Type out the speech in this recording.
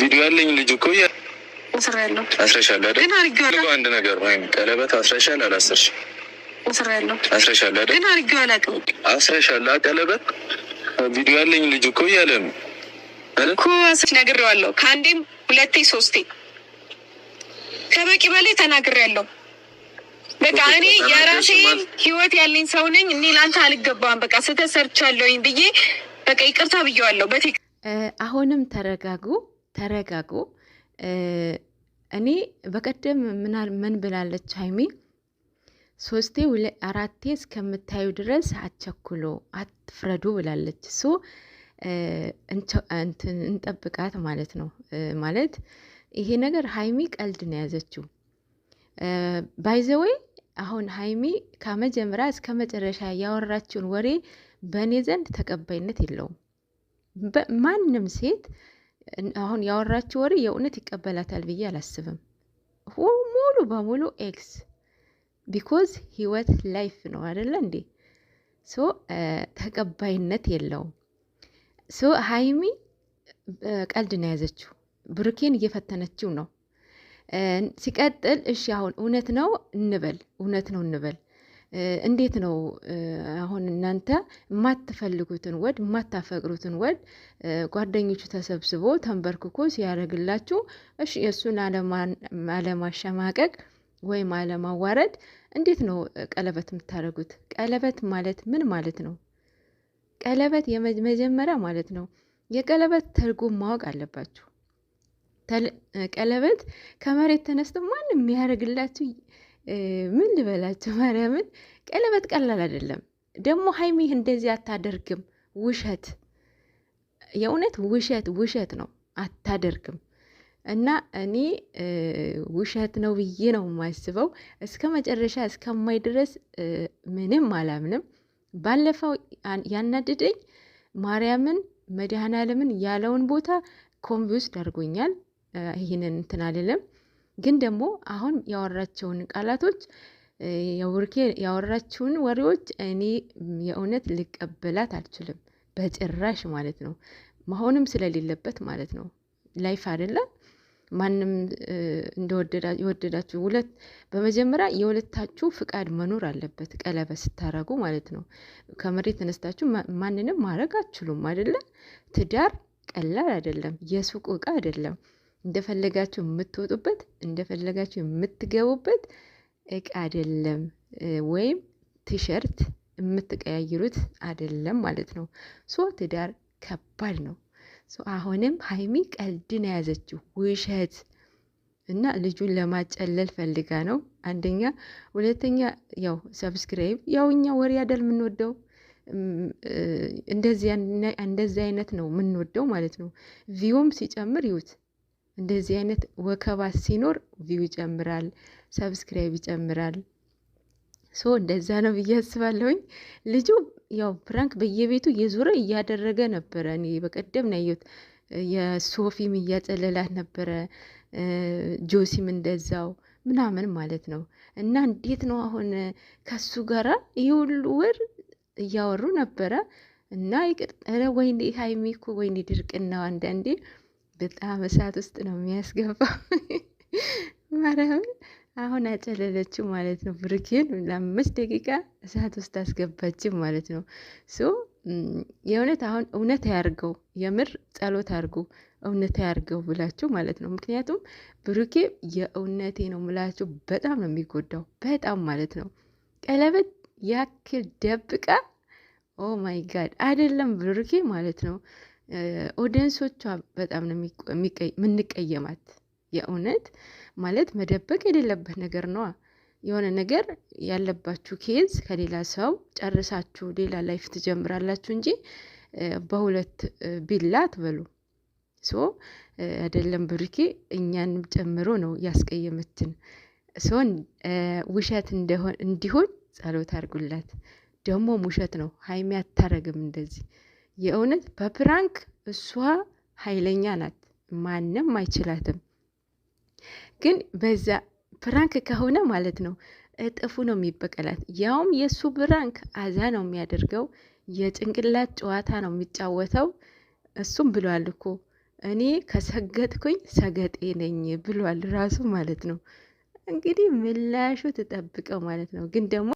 ቪዲዮ ያለኝ ልጅ እኮ አስረሻለሁ ግን አድርጌዋለሁ። አንድ ነገር ቀለበት አስረሻል አላስርሽ አስረሻለሁ ግን አድርጌዋለሁ። አስረሻለሁ ቀለበት ቪዲዮ ያለኝ ልጅ እኮ እያለ ነው እኮ ነግሬዋለሁ። ከአንዴም ሁለቴ ሶስቴ ከበቂ በላይ ተናግሬያለሁ። በቃ እኔ የራሴ ህይወት ያለኝ ሰው ነኝ። እኔ ለአንተ አልገባም። በቃ ስተሰርቻለሁኝ ብዬ በቃ ይቅርታ ብዬዋለሁ። በቴ አሁንም ተረጋጉ። ተረጋጉ። እኔ በቀደም ምን ብላለች ሀይሚ? ሶስቴ አራቴ እስከምታዩ ድረስ አቸኩሎ አትፍረዱ ብላለች። እሱ እንጠብቃት ማለት ነው። ማለት ይሄ ነገር ሀይሚ ቀልድ ነው የያዘችው። ባይዘወይ አሁን ሀይሚ ከመጀመሪያ እስከ መጨረሻ ያወራችውን ወሬ በእኔ ዘንድ ተቀባይነት የለውም። ማንም ሴት አሁን ያወራችው ወሬ የእውነት ይቀበላታል ብዬ አላስብም። ሙሉ በሙሉ ኤክስ ቢኮዝ ህይወት ላይፍ ነው አደለ እንዴ? ሶ ተቀባይነት የለውም። ሶ ሀይሚ ቀልድ ነው የያዘችው፣ ብሩኬን እየፈተነችው ነው። ሲቀጥል እሺ አሁን እውነት ነው እንበል እውነት ነው እንበል እንዴት ነው አሁን እናንተ የማትፈልጉትን ወድ የማታፈቅሩትን ወድ ጓደኞቹ ተሰብስቦ ተንበርክኮ ሲያደርግላችሁ፣ እሺ የእሱን አለማሸማቀቅ ወይም አለማዋረድ እንዴት ነው ቀለበት የምታደርጉት? ቀለበት ማለት ምን ማለት ነው? ቀለበት የመጀመሪያ ማለት ነው። የቀለበት ትርጉም ማወቅ አለባችሁ። ቀለበት ከመሬት ተነስቶ ማንም የሚያደርግላችሁ ምን ልበላቸው ማርያምን፣ ቀለበት ቀላል አይደለም። ደግሞ ሀይሚ እንደዚህ አታደርግም። ውሸት፣ የእውነት ውሸት፣ ውሸት ነው አታደርግም። እና እኔ ውሸት ነው ብዬ ነው የማስበው። እስከ መጨረሻ እስከማይ ድረስ ምንም አላምንም። ባለፈው ያናደደኝ ማርያምን መድኃኔዓለምን ያለውን ቦታ ኮንቪውስድ ደርጎኛል ይህንን እንትን አልልም። ግን ደግሞ አሁን ያወራቸውን ቃላቶች የቡርኬ ያወራችውን ወሬዎች እኔ የእውነት ልቀበላት አልችልም፣ በጭራሽ ማለት ነው። መሆንም ስለሌለበት ማለት ነው። ላይፍ አይደለም። ማንም እንደወደዳችሁ ሁለት በመጀመሪያ የሁለታችሁ ፍቃድ መኖር አለበት። ቀለበት ስታረጉ ማለት ነው። ከመሬት ተነስታችሁ ማንንም ማድረግ አትችሉም አይደለም። ትዳር ቀላል አይደለም፣ የሱቅ እቃ አይደለም። እንደፈለጋችሁ የምትወጡበት እንደፈለጋችሁ የምትገቡበት እቃ አይደለም፣ ወይም ቲሸርት የምትቀያይሩት አይደለም ማለት ነው። ሶ ትዳር ከባድ ነው። ሶ አሁንም ሀይሚ ቀልድን የያዘችው ውሸት እና ልጁን ለማጨለል ፈልጋ ነው። አንደኛ፣ ሁለተኛ ያው ሰብስክራይብ ያው እኛ ወሬ አይደል የምንወደው እንደዚህ አይነት ነው የምንወደው ማለት ነው። ቪዮም ሲጨምር ይዩት እንደዚህ አይነት ወከባ ሲኖር ቪው ይጨምራል፣ ሰብስክራይብ ይጨምራል። ሶ እንደዛ ነው ብዬ አስባለሁኝ። ልጁ ያው ፕራንክ በየቤቱ እየዞረ እያደረገ ነበረ። እኔ በቀደም ናየት የሶፊም እያጨለላት ነበረ፣ ጆሲም እንደዛው ምናምን ማለት ነው። እና እንዴት ነው አሁን ከሱ ጋራ ይህ ሁሉ ወር እያወሩ ነበረ እና ይቅር፣ ወይኔ ሀይሚኮ፣ ወይኔ ድርቅና አንዳንዴ በጣም እሳት ውስጥ ነው የሚያስገባው። ማርያምን አሁን አጨለለችው ማለት ነው። ብሩኬን ለአምስት ደቂቃ እሳት ውስጥ አስገባችው ማለት ነው። ሶ የእውነት አሁን እውነት ያርገው፣ የምር ጸሎት አርጉ፣ እውነት ያርገው ብላችሁ ማለት ነው። ምክንያቱም ብሩኬ የእውነቴ ነው ምላችሁ በጣም ነው የሚጎዳው፣ በጣም ማለት ነው። ቀለበት ያክል ደብቃ ኦ ማይ ጋድ አይደለም ብሩኬ ማለት ነው። ኦዲየንሶቿ በጣም ነው የምንቀየማት። የእውነት ማለት መደበቅ የሌለበት ነገር ነዋ። የሆነ ነገር ያለባችሁ ኬዝ ከሌላ ሰው ጨርሳችሁ ሌላ ላይፍ ትጀምራላችሁ እንጂ በሁለት ቢላ አትበሉ። ሶ አይደለም ብሩኬ እኛንም ጨምሮ ነው ያስቀየመችን። ሶን ውሸት እንዲሆን ጸሎት አድርጉላት። ደግሞ ውሸት ነው ሀይሚ አታረግም እንደዚህ የእውነት በፕራንክ እሷ ኃይለኛ ናት፣ ማንም አይችላትም። ግን በዛ ፕራንክ ከሆነ ማለት ነው እጥፉ ነው የሚበቀላት። ያውም የእሱ ፕራንክ አዛ ነው የሚያደርገው፣ የጭንቅላት ጨዋታ ነው የሚጫወተው። እሱም ብሏል እኮ እኔ ከሰገጥኩኝ ሰገጤ ነኝ ብሏል ራሱ ማለት ነው። እንግዲህ ምላሹ ትጠብቀው ማለት ነው ግን ደግሞ